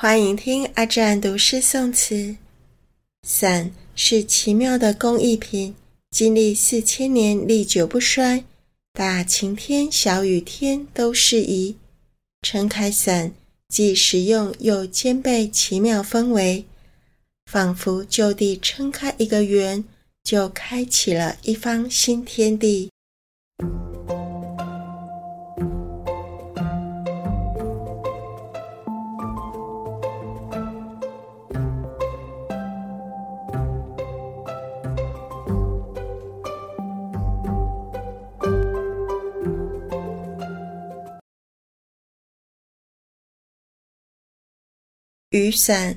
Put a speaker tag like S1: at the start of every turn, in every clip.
S1: 歡迎聽阿占讀詩誦詞。傘是奇妙的工藝品，經歷四千年歷久不衰，大晴天、小雨天都適宜。撐開傘，既實用又兼備奇妙氛圍，仿佛就地撐開一個圓，就開啟了一方新天地。
S2: 雨傘，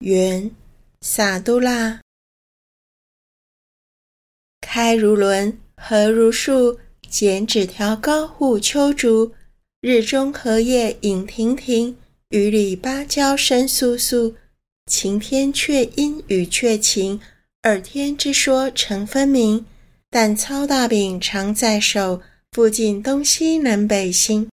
S2: 元薩都剌，開如輪，合如束，剪紙調
S1: 膏護秋竹。日中荷葉影亭亭，雨裡芭蕉聲簌簌。晴天卻陰，雨卻晴，二天之說誠分明。但操大柄常在手，覆盡東西南北行。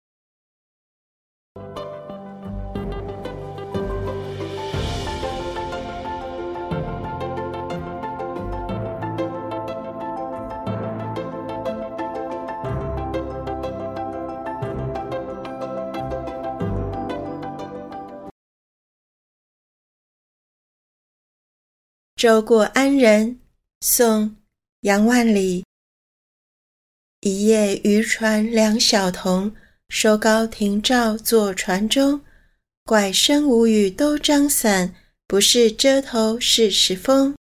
S2: 舟過安仁，宋·楊萬里。一葉漁船
S1: 兩小童，收篙停棹坐船中。怪生無雨都張傘，不是遮頭是使風。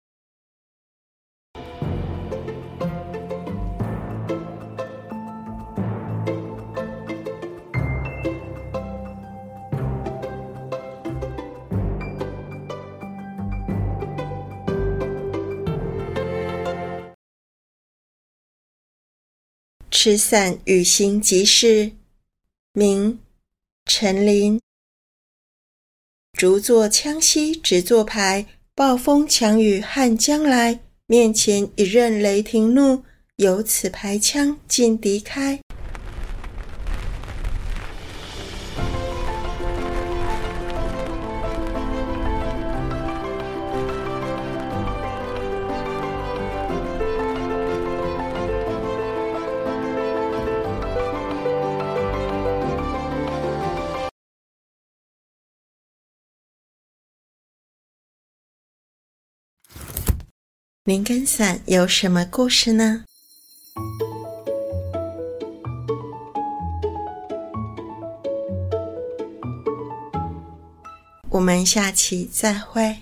S2: 持傘雨行即事，明·陳繗。
S1: 竹作鎗兮紙作牌，暴風強雨撼將來。面前一任雷霆怒，有此牌鎗盡敵開。
S2: 您跟
S1: 傘
S3: 有什麼故事呢？我們下期再會。